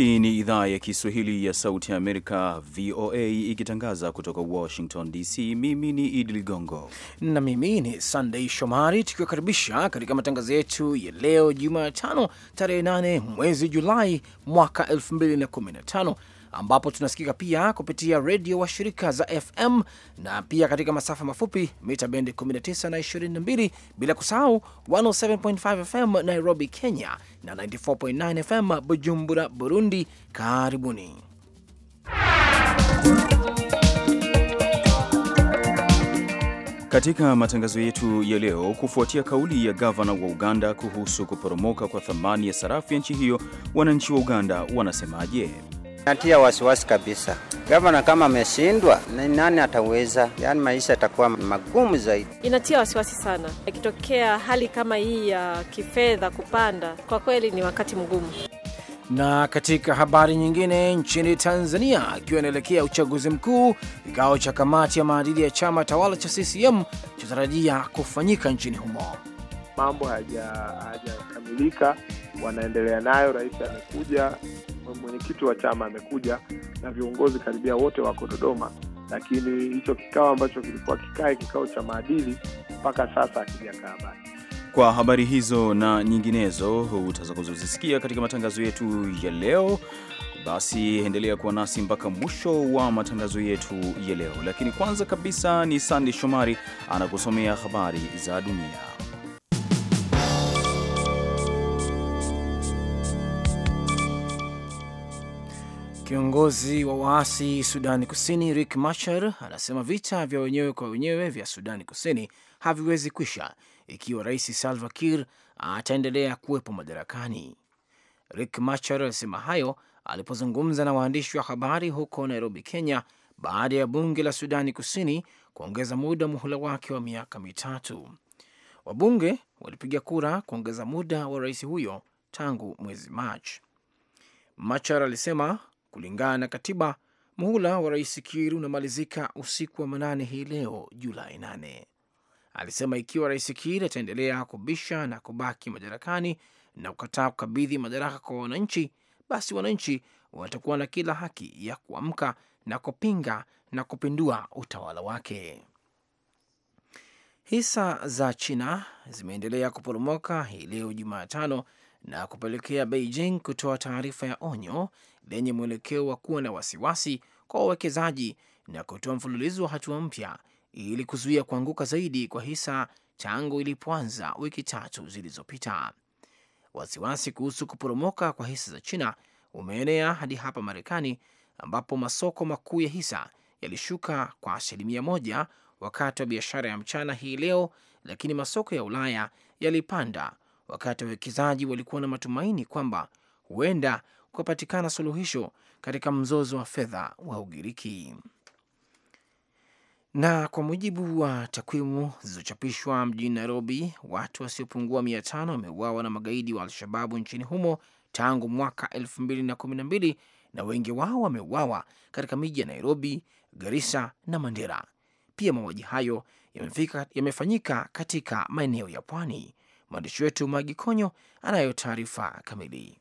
Hii ni idhaa ya Kiswahili ya Sauti ya Amerika, VOA, ikitangaza kutoka Washington DC. Mimi ni Idi Ligongo na mimi ni Sandei Shomari, tukiwakaribisha katika matangazo yetu ya leo Jumatano tarehe 8 mwezi Julai mwaka 2015 ambapo tunasikika pia kupitia redio wa shirika za FM na pia katika masafa mafupi mita bendi 19 na 22, bila kusahau 107.5 FM Nairobi, Kenya na 94.9 FM Bujumbura, Burundi. Karibuni. Katika matangazo yetu ya leo, kufuatia kauli ya gavana wa Uganda kuhusu kuporomoka kwa thamani ya sarafu ya nchi hiyo, wananchi wa Uganda wanasemaje? Natia wasiwasi kabisa. Gavana kama ameshindwa, nani ataweza? Yaani maisha yatakuwa magumu zaidi. Inatia wasiwasi sana. Ikitokea hali kama hii ya kifedha kupanda, kwa kweli ni wakati mgumu. Na katika habari nyingine, nchini Tanzania, ikiwa inaelekea uchaguzi mkuu, kikao cha kamati ya maadili ya chama tawala cha CCM chatarajia kufanyika nchini humo mambo hayajakamilika, wanaendelea nayo. Rais amekuja, mwenyekiti wa chama amekuja, na viongozi karibia wote wako Dodoma, lakini hicho kikao ambacho kilikuwa kikae kikao cha maadili mpaka sasa hakijakaa bado. Kwa habari hizo na nyinginezo utakazozisikia katika matangazo yetu ya leo, basi endelea kuwa nasi mpaka mwisho wa matangazo yetu ya leo. Lakini kwanza kabisa ni Sandi Shomari anakusomea habari za dunia. Kiongozi wa waasi Sudani Kusini rik Machar anasema vita vya wenyewe kwa wenyewe vya Sudani Kusini haviwezi kwisha ikiwa Rais Salva Kir ataendelea kuwepo madarakani. rik Machar alisema hayo alipozungumza na waandishi wa habari huko Nairobi, Kenya, baada ya bunge la Sudani Kusini kuongeza muda muhula wake wa miaka mitatu. Wabunge walipiga kura kuongeza muda wa rais huyo tangu mwezi Machi. Machar alisema Kulingana na katiba, muhula wa rais Kiir unamalizika usiku wa manane hii leo Julai 8. Alisema ikiwa rais Kiir ataendelea kubisha na kubaki madarakani na kukataa kukabidhi madaraka kwa wananchi, basi wananchi watakuwa na kila haki ya kuamka na kupinga na kupindua utawala wake. Hisa za China zimeendelea kuporomoka hii leo Jumatano na kupelekea Beijing kutoa taarifa ya onyo lenye mwelekeo wa kuwa na wasiwasi kwa wawekezaji na kutoa mfululizo wa hatua mpya ili kuzuia kuanguka zaidi kwa hisa tangu ilipoanza wiki tatu zilizopita. Wasiwasi kuhusu kuporomoka kwa hisa za China umeenea hadi hapa Marekani ambapo masoko makuu ya hisa yalishuka kwa asilimia moja wakati wa biashara ya mchana hii leo, lakini masoko ya Ulaya yalipanda wakati wawekezaji walikuwa na matumaini kwamba huenda kukapatikana suluhisho katika mzozo wa fedha wa Ugiriki. Na kwa mujibu wa takwimu zilizochapishwa mjini Nairobi, watu wasiopungua mia tano wameuawa na magaidi wa Al-Shababu nchini humo tangu mwaka elfu mbili na kumi na mbili na wengi wao wameuawa katika miji ya Nairobi, Garissa na Mandera. Pia mauaji hayo yamefanyika katika maeneo ya pwani. Mwandishi wetu Magi Konyo anayo taarifa kamili.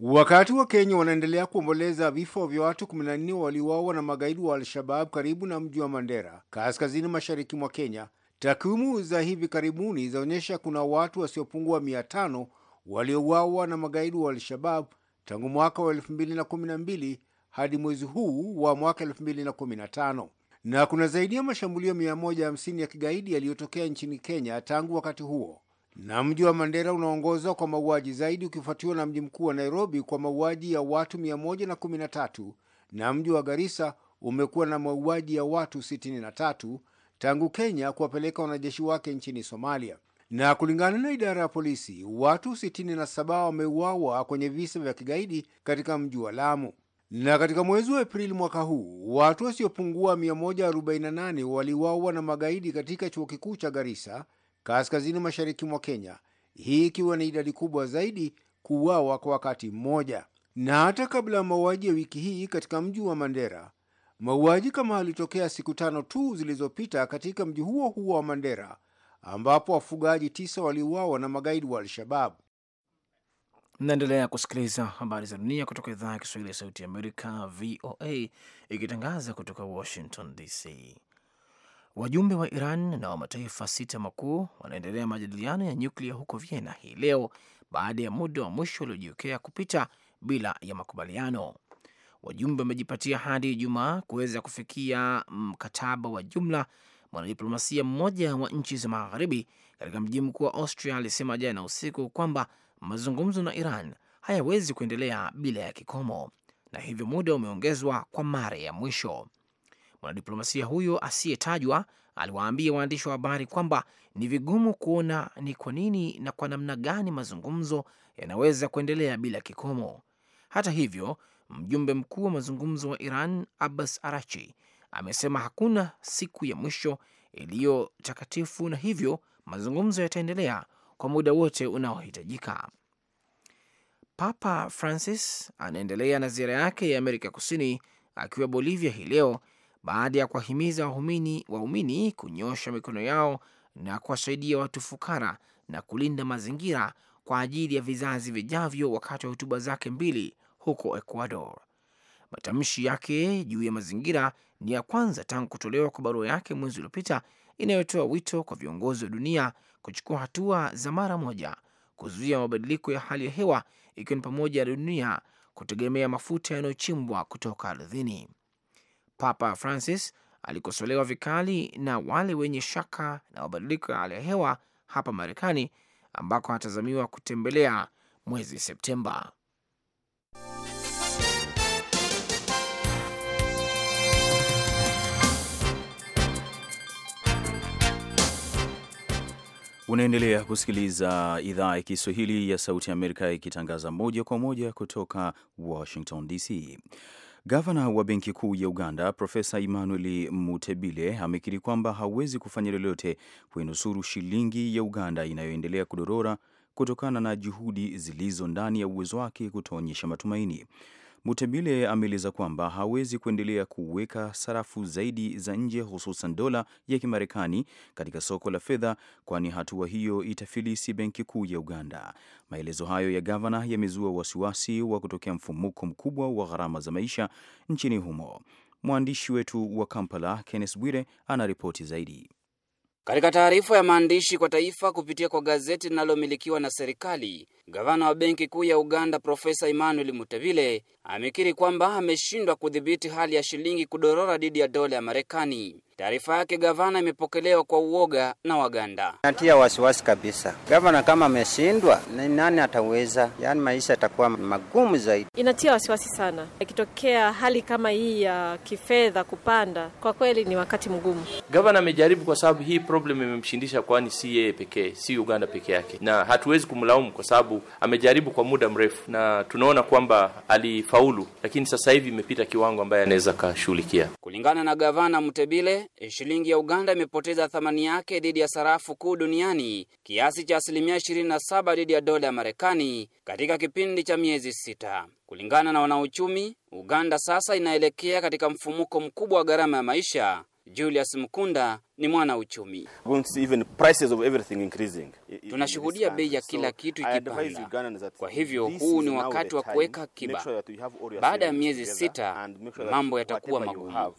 Wakati wa Kenya wanaendelea kuomboleza vifo vya watu 14 waliuawa na magaidi wa Al-Shabab karibu na mji wa Mandera, kaskazini mashariki mwa Kenya. Takwimu za hivi karibuni zaonyesha kuna watu wasiopungua mia tano waliouawa na magaidi wa Al-Shabab tangu mwaka wa 2012 hadi mwezi huu wa mwaka 2015 na kuna zaidi ya mashambulio 150 ya kigaidi yaliyotokea nchini Kenya tangu wakati huo. Na mji wa Mandera unaongoza kwa mauaji zaidi ukifuatiwa na mji mkuu wa Nairobi kwa mauaji ya watu 113 na mji wa Garissa umekuwa na mauaji ya watu 63 tangu Kenya kuwapeleka wanajeshi wake nchini Somalia. Na kulingana na idara ya polisi, watu 67 wameuawa kwenye visa vya kigaidi katika mji wa Lamu. Na katika mwezi wa Aprili mwaka huu, watu wasiopungua 148 waliuawa na magaidi katika chuo kikuu cha Garissa kaskazini mashariki mwa Kenya, hii ikiwa ni idadi kubwa zaidi kuuawa kwa wakati mmoja. Na hata kabla ya mauaji ya wiki hii katika mji wa Mandera, mauaji kama alitokea siku tano tu zilizopita katika mji huo huo wa Mandera, ambapo wafugaji tisa waliuawa na magaidi wa Al-Shabab. Mnaendelea kusikiliza habari za dunia kutoka idhaa ya Kiswahili ya Sauti ya Amerika, VOA, ikitangaza kutoka Washington DC. Wajumbe wa Iran na wa mataifa sita makuu wanaendelea majadiliano ya nyuklia huko Vienna hii leo baada ya muda wa mwisho uliojiwekea kupita bila ya makubaliano. Wajumbe wamejipatia hadi Ijumaa kuweza kufikia mkataba wa jumla. Mwanadiplomasia mmoja wa nchi za magharibi katika mji mkuu wa Austria alisema jana usiku kwamba mazungumzo na Iran hayawezi kuendelea bila ya kikomo, na hivyo muda umeongezwa kwa mara ya mwisho. Mwanadiplomasia huyo asiyetajwa aliwaambia waandishi wa habari kwamba ni vigumu kuona ni kwa nini na kwa namna gani mazungumzo yanaweza kuendelea bila kikomo. Hata hivyo, mjumbe mkuu wa mazungumzo wa Iran Abbas Arachi amesema hakuna siku ya mwisho iliyo takatifu na hivyo mazungumzo yataendelea kwa muda wote unaohitajika. Papa Francis anaendelea na ziara yake ya Amerika Kusini akiwa Bolivia hii leo baada ya kuwahimiza waumini waumini kunyosha mikono yao na kuwasaidia watu fukara na kulinda mazingira kwa ajili ya vizazi vijavyo wakati wa hotuba zake mbili huko Ecuador. Matamshi yake juu ya mazingira ni ya kwanza tangu kutolewa kwa barua yake mwezi uliopita inayotoa wito kwa viongozi wa dunia kuchukua hatua za mara moja kuzuia mabadiliko ya hali ya hewa, ikiwa ni pamoja na dunia kutegemea mafuta yanayochimbwa kutoka ardhini. Papa Francis alikosolewa vikali na wale wenye shaka na mabadiliko ya hali ya hewa hapa Marekani, ambako anatazamiwa kutembelea mwezi Septemba. Unaendelea kusikiliza idhaa ya Kiswahili ya Sauti ya Amerika ikitangaza moja kwa moja kutoka Washington DC. Gavana wa Benki Kuu ya Uganda Profesa Emmanuel Mutebile amekiri kwamba hawezi kufanya lolote kuinusuru shilingi ya Uganda inayoendelea kudorora kutokana na juhudi zilizo ndani ya uwezo wake kutoonyesha matumaini. Mutembile ameeleza kwamba hawezi kuendelea kuweka sarafu zaidi za nje hususan dola ya Kimarekani katika soko la fedha, kwani hatua hiyo itafilisi benki kuu ya Uganda. Maelezo hayo ya gavana yamezua wasiwasi wa kutokea mfumuko mkubwa wa gharama za maisha nchini humo. Mwandishi wetu wa Kampala, Kenneth Bwire, ana ripoti zaidi. Katika taarifa ya maandishi kwa taifa kupitia kwa gazeti linalomilikiwa na serikali, gavana wa Benki Kuu ya Uganda Profesa Emmanuel Mutavile amekiri kwamba ameshindwa kudhibiti hali ya shilingi kudorora dhidi ya dola ya Marekani. Taarifa yake gavana imepokelewa kwa uoga na Waganda. Natia wasiwasi kabisa, gavana kama ameshindwa, ni nani ataweza? Yaani maisha yatakuwa magumu zaidi. Inatia wasiwasi sana, ikitokea hali kama hii ya kifedha kupanda, kwa kweli ni wakati mgumu. Gavana amejaribu, kwa sababu hii problem imemshindisha, kwani si yeye pekee, si Uganda peke yake, na hatuwezi kumlaumu kwa sababu amejaribu kwa muda mrefu, na tunaona kwamba alifaulu, lakini sasa hivi imepita kiwango ambaye anaweza akashughulikia Kulingana na gavana Mtebile shilingi ya Uganda imepoteza thamani yake dhidi ya sarafu kuu duniani kiasi cha asilimia 27 dhidi ya dola ya Marekani katika kipindi cha miezi sita. Kulingana na wanauchumi, Uganda sasa inaelekea katika mfumuko mkubwa wa gharama ya maisha. Julius Mkunda ni mwana uchumi. Tunashuhudia bei ya kila kitu ikipanda. Kwa hivyo huu ni wakati wa kuweka akiba. Baada ya miezi sita mambo yatakuwa magumu.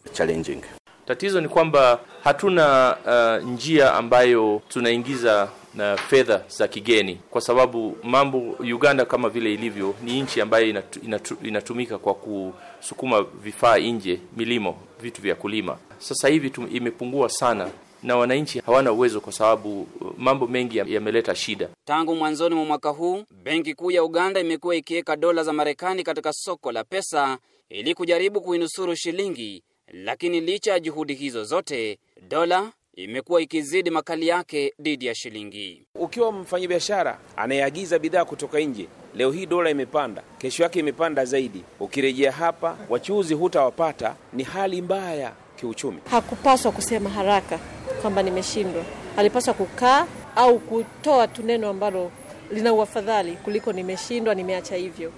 Tatizo ni kwamba hatuna uh, njia ambayo tunaingiza na uh, fedha za kigeni kwa sababu mambo Uganda kama vile ilivyo ni nchi ambayo inatu, inatu, inatumika kwa kusukuma vifaa nje, milimo, vitu vya kulima. Sasa hivi tum, imepungua sana na wananchi hawana uwezo kwa sababu uh, mambo mengi yameleta shida. Tangu mwanzoni mwa mwaka huu, Benki Kuu ya Uganda imekuwa ikiweka dola za Marekani katika soko la pesa ili kujaribu kuinusuru shilingi lakini licha ya juhudi hizo zote, dola imekuwa ikizidi makali yake dhidi ya shilingi. Ukiwa mfanyabiashara anayeagiza bidhaa kutoka nje, leo hii dola imepanda, kesho yake imepanda zaidi. Ukirejea hapa, wachuuzi hutawapata. Ni hali mbaya kiuchumi. Hakupaswa kusema haraka kwamba nimeshindwa, alipaswa kukaa au kutoa tu neno ambalo lina uafadhali kuliko nimeshindwa, nimeacha hivyo.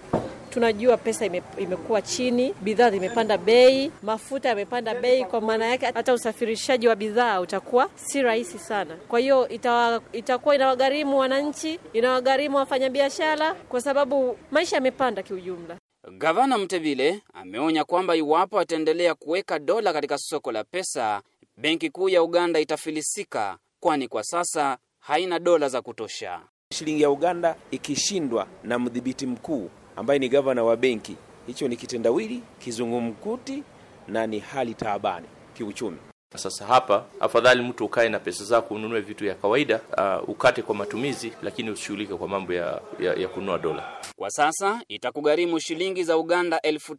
Tunajua pesa ime, imekuwa chini, bidhaa zimepanda bei, mafuta yamepanda bei. Kwa maana yake hata usafirishaji wa bidhaa utakuwa si rahisi sana. Kwa hiyo itawa, itakuwa inawagharimu wananchi, inawagharimu wafanyabiashara kwa sababu maisha yamepanda kiujumla. Gavana Mtevile ameonya kwamba iwapo ataendelea kuweka dola katika soko la pesa, benki kuu ya Uganda itafilisika, kwani kwa sasa haina dola za kutosha. Shilingi ya Uganda ikishindwa na mdhibiti mkuu ambaye ni gavana wa benki. Hicho ni kitendawili, kizungumkuti na ni hali taabani kiuchumi. Sasa hapa afadhali mtu ukae na pesa zako ununue vitu ya kawaida uh, ukate kwa matumizi, lakini ushughulike kwa mambo ya, ya, ya kununua dola. Kwa sasa itakugharimu shilingi za Uganda elfu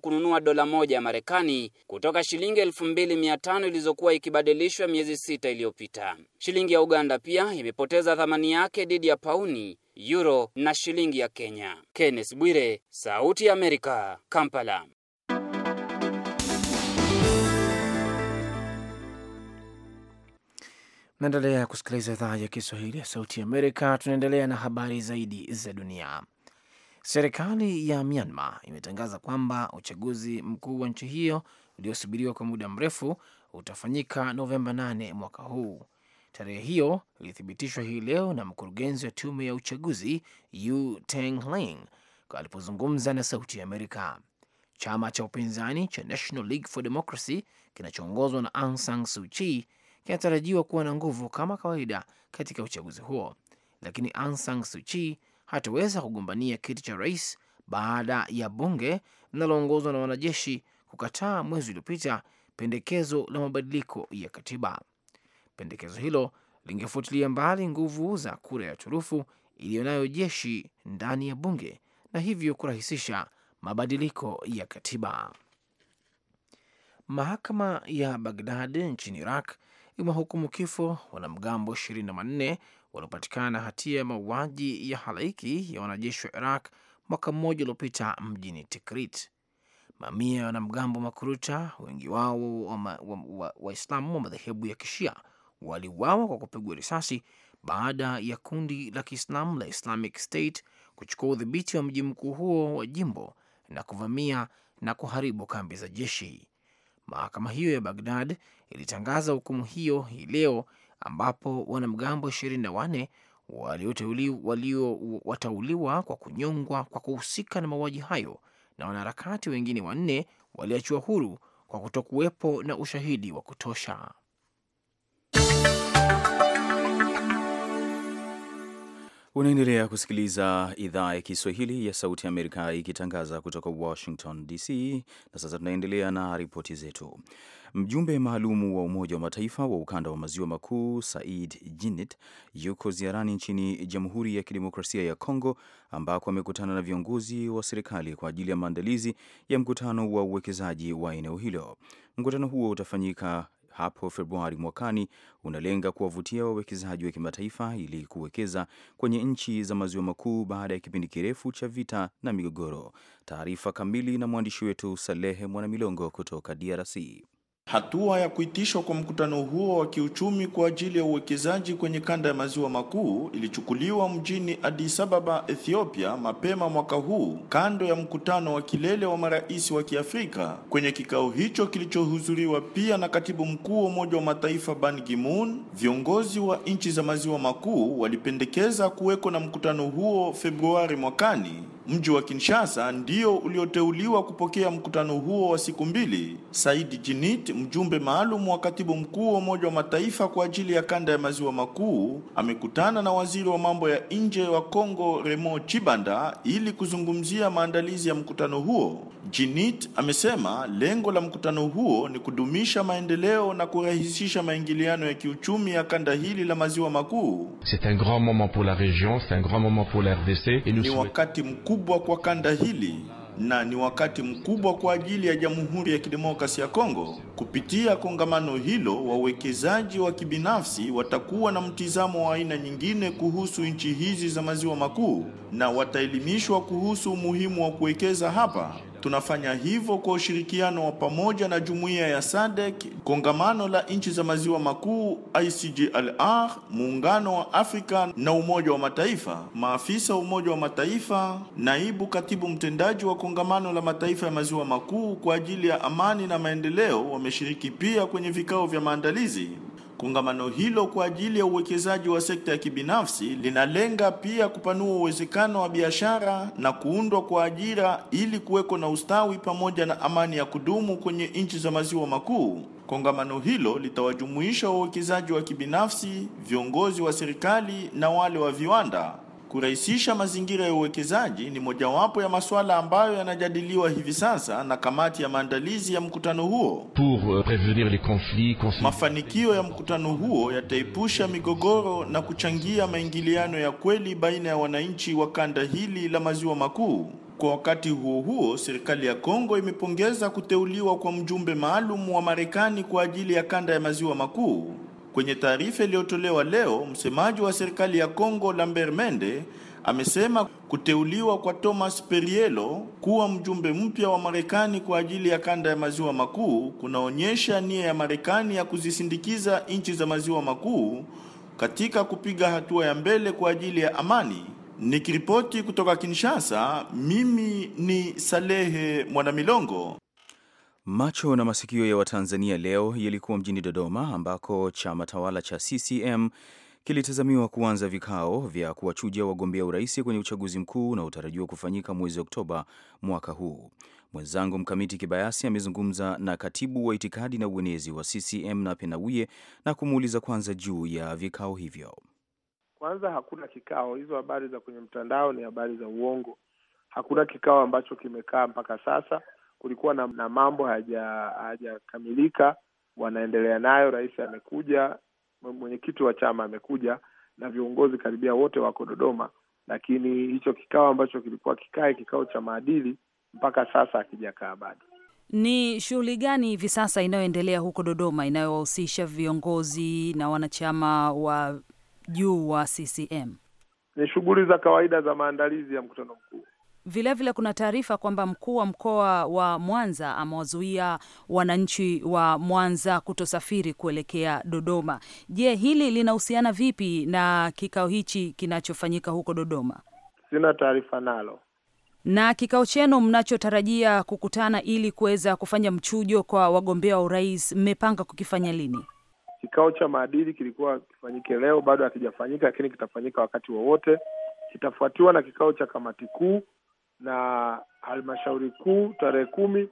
kununua dola moja ya Marekani kutoka shilingi 2500 ilizokuwa ikibadilishwa miezi sita iliyopita. Shilingi ya Uganda pia imepoteza thamani yake dhidi ya pauni, euro na shilingi ya Kenya. Kenneth Bwire, Sauti ya Amerika, Kampala. Naendelea kusikiliza idhaa ya Kiswahili ya Sauti Amerika. Tunaendelea na habari zaidi za dunia. Serikali ya Myanmar imetangaza kwamba uchaguzi mkuu wa nchi hiyo uliosubiriwa kwa muda mrefu utafanyika Novemba 8 mwaka huu. Tarehe hiyo ilithibitishwa hii leo na mkurugenzi wa tume ya uchaguzi U Teng alipozungumza na Sauti ya Amerika. Chama cha upinzani cha National League for Democracy kinachoongozwa na Aung San Suu Kyi kinatarajiwa kuwa na nguvu kama kawaida katika uchaguzi huo, lakini Aung San Suu Kyi hataweza kugombania kiti cha rais baada ya bunge linaloongozwa na wanajeshi kukataa mwezi uliopita pendekezo la mabadiliko ya katiba. Pendekezo hilo lingefutilia mbali nguvu za kura ya turufu iliyonayo jeshi ndani ya bunge na hivyo kurahisisha mabadiliko ya katiba. Mahakama ya Bagdad nchini Iraq imewahukumu kifo wanamgambo 24 waliopatikana na hatia ya mauaji ya halaiki ya wanajeshi wa Iraq mwaka mmoja uliopita mjini Tikrit. Mamia ya wanamgambo makuruta, wengi wao Waislamu wa, wa, wa madhehebu ya Kishia, waliuawa kwa kupigwa risasi baada ya kundi la Kiislamu la Islamic State kuchukua udhibiti wa mji mkuu huo wa jimbo na kuvamia na kuharibu kambi za jeshi. Mahakama hiyo ya Bagdad ilitangaza hukumu hiyo hii leo, ambapo wanamgambo ishirini na wanne waliowatauliwa kwa kunyongwa kwa kuhusika na mauaji hayo na wanaharakati wengine wanne waliachiwa huru kwa kutokuwepo na ushahidi wa kutosha. Unaendelea kusikiliza idhaa ya Kiswahili ya Sauti ya Amerika ikitangaza kutoka Washington DC. Na sasa tunaendelea na ripoti zetu. Mjumbe maalumu wa Umoja wa Mataifa wa ukanda wa maziwa makuu Said Jinit yuko ziarani nchini Jamhuri ya Kidemokrasia ya Kongo, ambako amekutana na viongozi wa serikali kwa ajili ya maandalizi ya mkutano wa uwekezaji wa eneo hilo. Mkutano huo utafanyika hapo Februari mwakani unalenga kuwavutia wawekezaji wa kimataifa ili kuwekeza kwenye nchi za maziwa makuu baada ya kipindi kirefu cha vita na migogoro. Taarifa kamili na mwandishi wetu Salehe Mwanamilongo kutoka DRC. Hatua ya kuitishwa kwa mkutano huo wa kiuchumi kwa ajili ya uwekezaji kwenye kanda ya maziwa makuu ilichukuliwa mjini Addis Ababa, Ethiopia mapema mwaka huu kando ya mkutano wa kilele wa marais wa Kiafrika. Kwenye kikao hicho kilichohudhuriwa pia na Katibu Mkuu wa Umoja wa Mataifa Ban Ki-moon, viongozi wa nchi za maziwa makuu walipendekeza kuweko na mkutano huo Februari mwakani Mji wa Kinshasa ndio ulioteuliwa kupokea mkutano huo wa siku mbili. Saidi Jinit, mjumbe maalum wa katibu mkuu wa Umoja wa Mataifa kwa ajili ya kanda ya maziwa makuu, amekutana na waziri wa mambo ya nje wa Kongo Remo Chibanda ili kuzungumzia maandalizi ya mkutano huo. Jinit amesema lengo la mkutano huo ni kudumisha maendeleo na kurahisisha maingiliano ya kiuchumi ya kanda hili la maziwa makuu. C'est un grand moment pour la région, c'est un grand moment pour la RDC et nous ni wakati mkubwa kwa kanda hili na ni wakati mkubwa kwa ajili ya Jamhuri ya Kidemokrasi ya Kongo. Kupitia kongamano hilo, wawekezaji wa kibinafsi watakuwa na mtizamo wa aina nyingine kuhusu nchi hizi za maziwa makuu na wataelimishwa kuhusu umuhimu wa kuwekeza hapa. Tunafanya hivyo kwa ushirikiano wa pamoja na jumuiya ya SADC, kongamano la nchi za maziwa makuu ICGLR, muungano wa Afrika na Umoja wa Mataifa. Maafisa wa Umoja wa Mataifa, naibu katibu mtendaji wa kongamano la mataifa ya maziwa makuu kwa ajili ya amani na maendeleo wameshiriki pia kwenye vikao vya maandalizi. Kongamano hilo kwa ajili ya uwekezaji wa sekta ya kibinafsi linalenga pia kupanua uwezekano wa biashara na kuundwa kwa ajira ili kuweko na ustawi pamoja na amani ya kudumu kwenye nchi za maziwa makuu. Kongamano hilo litawajumuisha wawekezaji wa kibinafsi, viongozi wa serikali na wale wa viwanda. Kurahisisha mazingira ya uwekezaji ni mojawapo ya masuala ambayo yanajadiliwa hivi sasa na kamati ya maandalizi ya mkutano huo. Pour euh, prevenir les conflits, mafanikio ya mkutano huo yataepusha migogoro na kuchangia maingiliano ya kweli baina ya wananchi wa kanda hili la maziwa makuu. Kwa wakati huo huo, serikali ya Kongo imepongeza kuteuliwa kwa mjumbe maalum wa Marekani kwa ajili ya kanda ya maziwa makuu. Kwenye taarifa iliyotolewa leo, msemaji wa serikali ya Kongo Lambert Mende amesema kuteuliwa kwa Thomas Perriello kuwa mjumbe mpya wa Marekani kwa ajili ya kanda ya maziwa makuu kunaonyesha nia ya Marekani ya kuzisindikiza nchi za maziwa makuu katika kupiga hatua ya mbele kwa ajili ya amani. Nikiripoti kutoka Kinshasa, mimi ni Salehe Mwanamilongo. Macho na masikio ya Watanzania leo yalikuwa mjini Dodoma ambako chama tawala cha CCM kilitazamiwa kuanza vikao vya kuwachuja wagombea urais kwenye uchaguzi mkuu unaotarajiwa kufanyika mwezi Oktoba mwaka huu. Mwenzangu Mkamiti Kibayasi amezungumza na katibu wa itikadi na uenezi wa CCM na Penawiye na kumuuliza kwanza juu ya vikao hivyo. Kwanza hakuna kikao, hizo habari za kwenye mtandao ni habari za uongo. Hakuna kikao ambacho kimekaa mpaka sasa kulikuwa na, na mambo hayajakamilika, wanaendelea nayo. Rais amekuja, mwenyekiti wa chama amekuja na viongozi karibia wote wako Dodoma, lakini hicho kikao ambacho kilikuwa kikae kikao cha maadili mpaka sasa hakijakaa bado. Ni shughuli gani hivi sasa inayoendelea huko Dodoma inayowahusisha viongozi na wanachama wa juu wa CCM? Ni shughuli za kawaida za maandalizi ya mkutano mkuu. Vilevile vile kuna taarifa kwamba mkuu wa mkoa wa Mwanza amewazuia wananchi wa Mwanza kutosafiri kuelekea Dodoma. Je, hili linahusiana vipi na kikao hichi kinachofanyika huko Dodoma? Sina taarifa nalo. Na kikao chenu mnachotarajia kukutana ili kuweza kufanya mchujo kwa wagombea wa urais, mmepanga kukifanya lini? Kikao cha maadili kilikuwa kifanyike leo, bado hakijafanyika, lakini kitafanyika wakati wowote wa, kitafuatiwa na kikao cha kamati kuu na halmashauri kuu tarehe kumi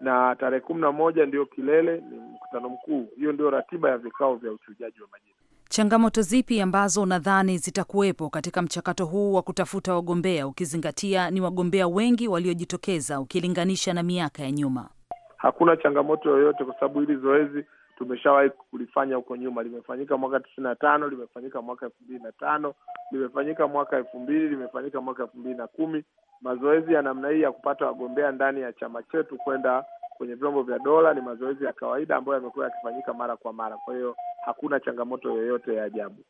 na tarehe kumi na moja ndiyo kilele, ni mkutano mkuu. Hiyo ndio ratiba ya vikao vya uchujaji wa majina. Changamoto zipi ambazo unadhani zitakuwepo katika mchakato huu wa kutafuta wagombea, ukizingatia ni wagombea wengi waliojitokeza ukilinganisha na miaka ya nyuma? Hakuna changamoto yoyote kwa sababu hili zoezi tumeshawahi kulifanya huko nyuma. Limefanyika mwaka tisini na tano, limefanyika mwaka elfu mbili na tano, limefanyika mwaka elfu mbili, limefanyika mwaka elfu mbili na kumi, mazoezi ya namna hii ya kupata wagombea ndani ya chama chetu kwenda kwenye vyombo vya dola ni mazoezi ya kawaida ambayo yamekuwa yakifanyika mara kwa mara. Kwa hiyo hakuna changamoto yoyote ya ajabu,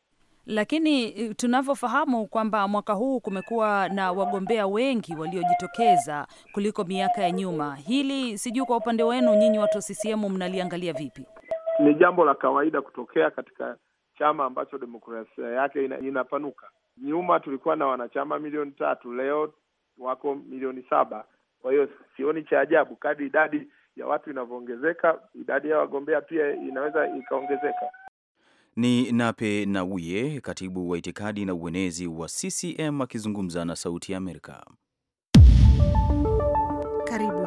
lakini e, tunavyofahamu kwamba mwaka huu kumekuwa na wagombea wengi waliojitokeza kuliko miaka ya nyuma. Hili sijui kwa upande wenu nyinyi watu wa CCM mnaliangalia vipi? Ni jambo la kawaida kutokea katika chama ambacho demokrasia yake inapanuka. Nyuma tulikuwa na wanachama milioni tatu, leo wako milioni saba. Kwa hiyo sioni cha ajabu, kadri idadi ya watu inavyoongezeka, idadi ya wagombea pia inaweza ikaongezeka. Ni Nape Nnauye, katibu wa itikadi na uenezi wa CCM akizungumza na Sauti ya Amerika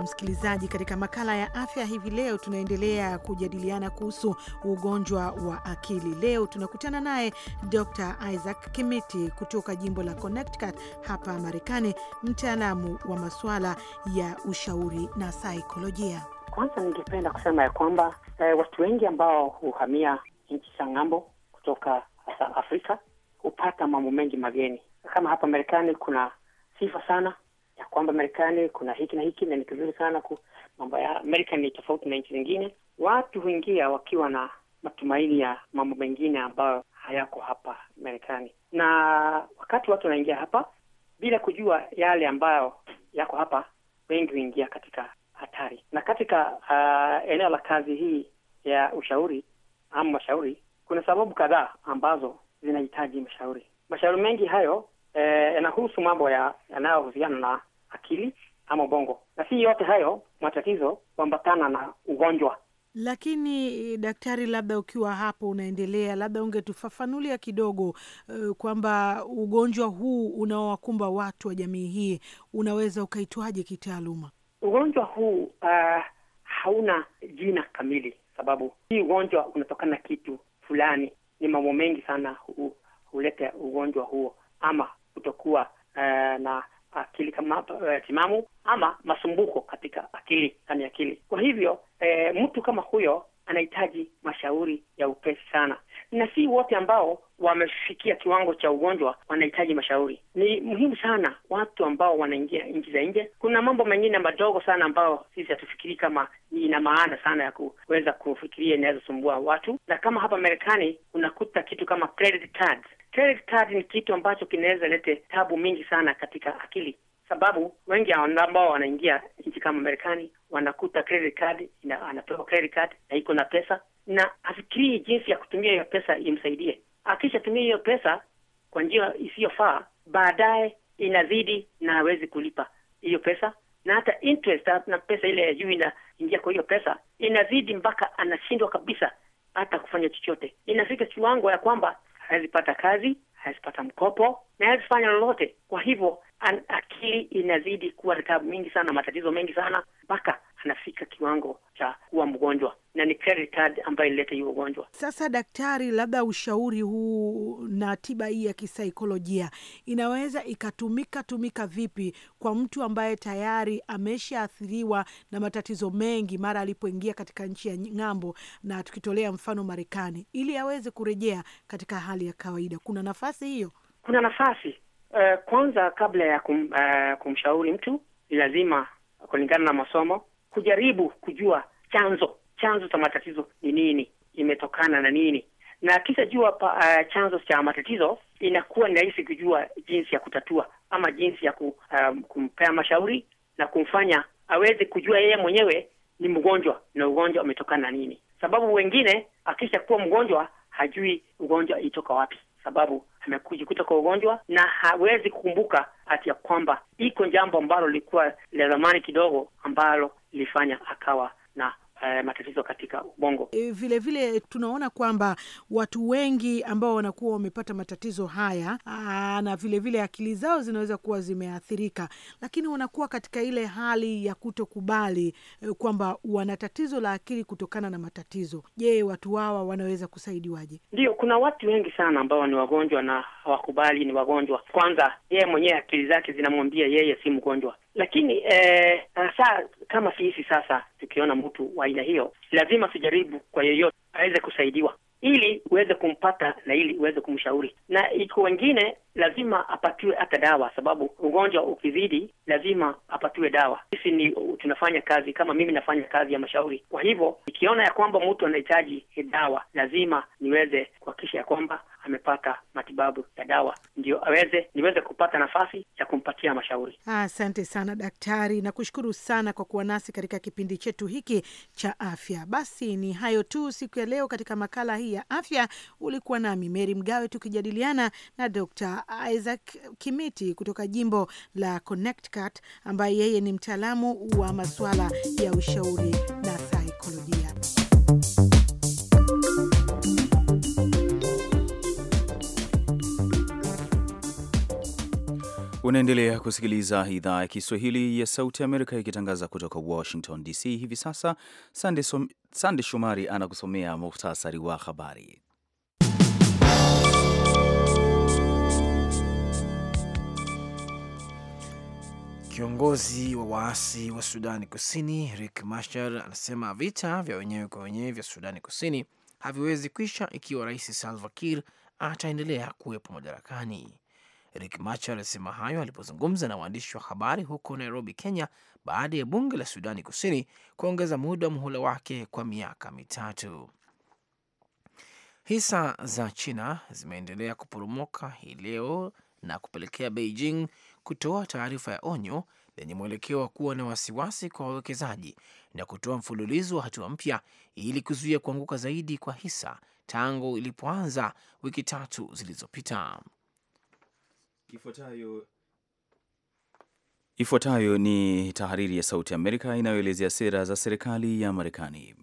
msikilizaji, katika makala ya afya hivi leo tunaendelea kujadiliana kuhusu ugonjwa wa akili. Leo tunakutana naye Dr. Isaac Kimiti kutoka jimbo la Connecticut hapa Marekani, mtaalamu wa masuala ya ushauri na saikolojia. Kwanza ningependa kusema ya kwamba eh, watu wengi ambao huhamia nchi za ng'ambo kutoka hasa Afrika hupata mambo mengi mageni. Kama hapa Marekani kuna sifa sana ya kwamba Marekani kuna hiki na hiki na ni kizuri sana ku mambo ya Amerika ni tofauti na nchi zingine. Watu huingia wakiwa na matumaini ya mambo mengine ambayo hayako hapa Marekani, na wakati watu wanaingia hapa bila kujua yale ambayo yako hapa, wengi huingia katika hatari. Na katika uh, eneo la kazi hii ya ushauri ama mashauri, kuna sababu kadhaa ambazo zinahitaji mashauri. Mashauri mengi hayo eh, yanahusu eh, mambo yanayohusiana na akili ama ubongo, na si yote hayo matatizo huambatana na ugonjwa. Lakini eh, daktari, labda ukiwa hapo unaendelea, labda ungetufafanulia kidogo uh, kwamba ugonjwa huu unaowakumba watu wa jamii hii unaweza ukaitwaje kitaaluma? Ugonjwa huu uh, hauna jina kamili, sababu hii ugonjwa unatokana kitu fulani. Ni mambo mengi sana huleta ugonjwa huo, ama kutokuwa uh, na akili kama uh, timamu ama masumbuko katika akili ndani ya akili. Kwa hivyo e, mtu kama huyo anahitaji mashauri ya upesi sana, na si wote ambao wamefikia kiwango cha ugonjwa wanahitaji mashauri. Ni muhimu sana watu ambao wanaingia nchi za nje. Kuna mambo mengine madogo sana ambayo sisi hatufikirii kama ina maana sana ya kuweza kufikiria inaweza sumbua watu, na kama hapa Marekani unakuta kitu kama credit cards Credit ni kitu ambacho kinaweza lete tabu mingi sana katika akili, sababu wengi ambao wanaingia nchi kama Marekani wanakuta credit card, ina, anapewa credit card na iko na pesa na afikirii jinsi ya kutumia hiyo pesa imsaidie. Akishatumia hiyo pesa kwa njia isiyofaa, baadaye inazidi na hawezi kulipa hiyo pesa, na hata interest na pesa ile ya juu inaingia kwa hiyo pesa inazidi mpaka anashindwa kabisa hata kufanya chochote. Inafika kiwango ya kwamba hawezi kazi, hawezi mkopo na hazifanya lolote. Kwa hivyo an, akili inazidi kuwa na tabu mingi sana, matatizo mengi sana, mpaka anafika kiwango cha kuwa mgonjwa na ni ambayo ilileta hiyo ugonjwa. Sasa daktari, labda ushauri huu na tiba hii ya kisaikolojia inaweza ikatumika tumika vipi kwa mtu ambaye tayari ameshaathiriwa na matatizo mengi mara alipoingia katika nchi ya ng'ambo, na tukitolea mfano Marekani, ili aweze kurejea katika hali ya kawaida? Kuna nafasi hiyo? Kuna nafasi Uh, kwanza kabla ya kum, uh, kumshauri mtu ni lazima kulingana na masomo kujaribu kujua chanzo chanzo cha matatizo ni nini, imetokana na nini, na kisha jua pa, uh, chanzo cha matatizo, inakuwa ni rahisi kujua jinsi ya kutatua ama jinsi ya ku, uh, kumpea mashauri na kumfanya aweze kujua yeye mwenyewe ni mgonjwa na ugonjwa umetokana na nini, sababu wengine akishakuwa mgonjwa hajui ugonjwa itoka wapi sababu amekujikuta kwa ugonjwa na hawezi kukumbuka hati ya kwamba iko jambo ambalo lilikuwa la zamani kidogo ambalo lilifanya akawa na Eh, matatizo katika ubongo. E, vile vile tunaona kwamba watu wengi ambao wanakuwa wamepata matatizo haya aa, ah, na vile vile akili zao zinaweza kuwa zimeathirika, lakini wanakuwa katika ile hali ya kutokubali e, kwamba wana tatizo la akili kutokana na matatizo. Je, watu hawa wanaweza kusaidiwaje? Ndio, kuna watu wengi sana ambao ni wagonjwa na hawakubali ni wagonjwa. Kwanza yeye mwenyewe akili zake zinamwambia yeye si mgonjwa, lakini eh, kama sisi sasa tukiona mtu wa aina hiyo, lazima sijaribu kwa yeyote aweze kusaidiwa ili uweze kumpata na ili uweze kumshauri. Na iko wengine lazima apatiwe hata dawa, sababu ugonjwa ukizidi lazima apatiwe dawa. Sisi ni tunafanya kazi kama mimi nafanya kazi ya mashauri, kwa hivyo ikiona ya kwamba mtu anahitaji dawa, lazima niweze kuhakikisha ya kwamba amepata matibabu ya dawa, ndio aweze niweze kupata nafasi ya kumpatia mashauri. Asante sana daktari, nakushukuru sana kwa kuwa nasi katika kipindi chetu hiki cha afya. Basi ni hayo tu siku ya leo katika makala hii ya afya, ulikuwa nami Meri Mgawe tukijadiliana na Dr Isaac Kimiti kutoka jimbo la Connecticut, ambaye yeye ni mtaalamu wa masuala ya ushauri Unaendelea kusikiliza idhaa ya Kiswahili ya Sauti Amerika ikitangaza kutoka Washington DC. Hivi sasa Sande Shomari anakusomea muhtasari wa habari. Kiongozi wa waasi wa Sudani Kusini rik mashar anasema vita vya wenyewe kwa wenyewe vya Sudani Kusini haviwezi kwisha ikiwa Rais Salva ataendelea kuwepo madarakani rik macha alisema hayo alipozungumza na waandishi wa habari huko Nairobi, Kenya, baada ya bunge la Sudani Kusini kuongeza muda wa muhula wake kwa miaka mitatu. Hisa za China zimeendelea kuporomoka hii leo na kupelekea Beijing kutoa taarifa ya onyo lenye mwelekeo wa kuwa na wasiwasi kwa wawekezaji na kutoa mfululizo wa hatua mpya ili kuzuia kuanguka zaidi kwa hisa tangu ilipoanza wiki tatu zilizopita. Ifuatayo ifuatayo ni tahariri ya Sauti Amerika inayoelezea sera za serikali ya Marekani.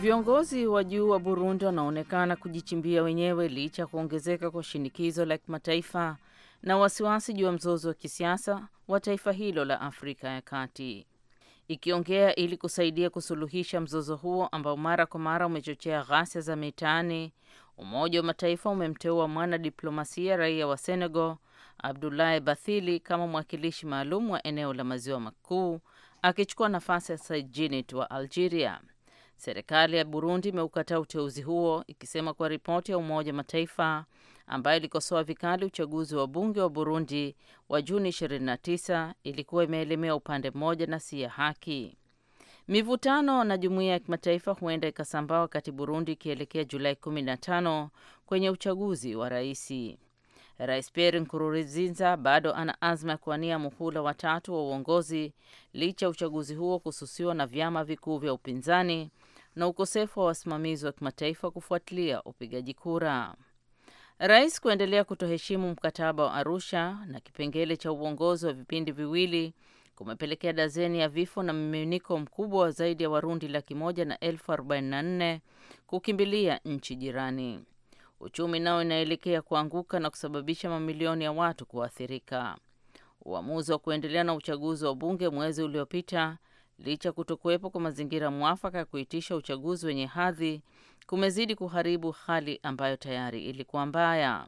Viongozi wa juu wa Burundi wanaonekana kujichimbia wenyewe licha ya kuongezeka kwa shinikizo la kimataifa na wasiwasi juu ya mzozo wa kisiasa wa taifa hilo la Afrika ya Kati ikiongea ili kusaidia kusuluhisha mzozo huo ambao mara kwa mara umechochea ghasia za mitaani. Umoja wa Mataifa umemteua mwana diplomasia raia wa Senegal Abdoulaye Bathili kama mwakilishi maalum wa eneo la maziwa makuu akichukua nafasi ya Said Djinnit wa Algeria. Serikali ya Burundi imeukataa uteuzi huo ikisema kuwa ripoti ya Umoja wa Mataifa ambayo ilikosoa vikali uchaguzi wa bunge wa Burundi wa Juni 29 ilikuwa imeelemea upande mmoja na si ya haki. Mivutano na jumuiya ya kimataifa huenda ikasambaa wakati Burundi ikielekea Julai 15 kwenye uchaguzi wa raisi. Rais Pierre Nkurunziza bado ana azma ya kuwania muhula watatu wa uongozi licha ya uchaguzi huo kususiwa na vyama vikuu vya upinzani na ukosefu wa wasimamizi wa kimataifa kufuatilia upigaji kura. Rais kuendelea kutoheshimu mkataba wa Arusha na kipengele cha uongozi wa vipindi viwili kumepelekea dazeni ya vifo na mmiminiko mkubwa wa zaidi ya Warundi laki moja na elfu arobaini na nne kukimbilia nchi jirani. Uchumi nao inaelekea kuanguka na kusababisha mamilioni ya watu kuathirika. Uamuzi wa kuendelea na uchaguzi wa bunge mwezi uliopita licha kutokuwepo kwa mazingira mwafaka ya kuitisha uchaguzi wenye hadhi kumezidi kuharibu hali ambayo tayari ilikuwa mbaya.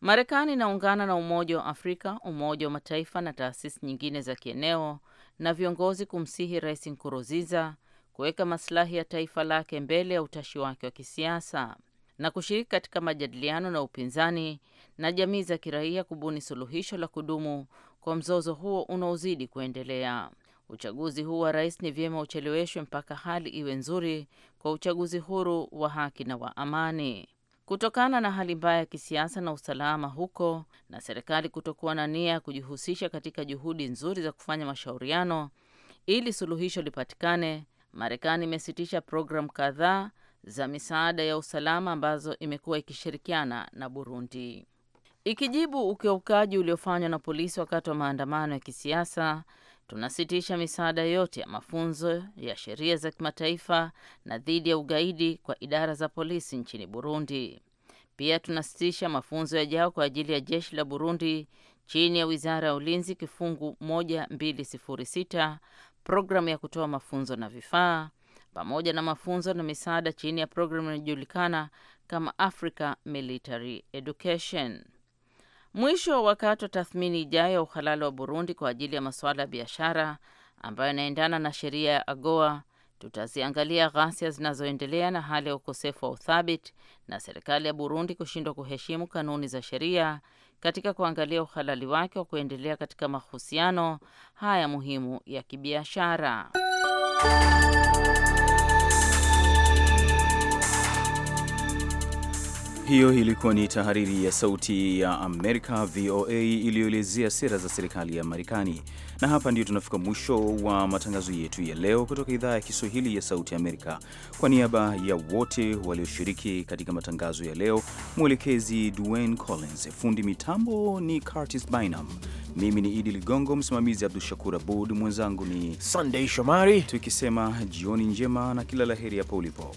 Marekani inaungana na Umoja wa Afrika, Umoja wa Mataifa na taasisi nyingine za kieneo na viongozi kumsihi Rais Nkurunziza kuweka masilahi ya taifa lake mbele ya utashi wake wa kisiasa na kushiriki katika majadiliano na upinzani na jamii za kiraia kubuni suluhisho la kudumu kwa mzozo huo unaozidi kuendelea. Uchaguzi huu wa rais ni vyema ucheleweshwe mpaka hali iwe nzuri kwa uchaguzi huru wa haki na wa amani. Kutokana na hali mbaya ya kisiasa na usalama huko na serikali kutokuwa na nia ya kujihusisha katika juhudi nzuri za kufanya mashauriano ili suluhisho lipatikane, Marekani imesitisha programu kadhaa za misaada ya usalama ambazo imekuwa ikishirikiana na Burundi, ikijibu ukiukaji uliofanywa na polisi wakati wa maandamano ya kisiasa tunasitisha misaada yote ya mafunzo ya sheria za kimataifa na dhidi ya ugaidi kwa idara za polisi nchini Burundi. Pia tunasitisha mafunzo yajao kwa ajili ya jeshi la Burundi chini ya Wizara ya Ulinzi, kifungu 1206 programu ya kutoa mafunzo na vifaa pamoja na mafunzo na misaada chini ya programu inayojulikana kama Africa Military Education mwisho wakati wa tathmini ijayo ya uhalali wa Burundi kwa ajili ya masuala ya biashara ambayo inaendana na sheria ya AGOA. Tutaziangalia ghasia zinazoendelea na hali ya ukosefu wa uthabiti na serikali ya Burundi kushindwa kuheshimu kanuni za sheria katika kuangalia uhalali wake wa kuendelea katika mahusiano haya muhimu ya kibiashara. Hiyo ilikuwa ni tahariri ya Sauti ya Amerika, VOA, iliyoelezea sera za serikali ya Marekani. Na hapa ndio tunafika mwisho wa matangazo yetu ya leo kutoka idhaa ya Kiswahili ya Sauti Amerika. Kwa niaba ya wote walioshiriki katika matangazo ya leo, mwelekezi Dwayne Collins, fundi mitambo ni Curtis Bynum, mimi ni Idi Ligongo, msimamizi Abdu Shakur Abud, mwenzangu ni Sandei Shomari, tukisema jioni njema na kila laheri hapo ulipo.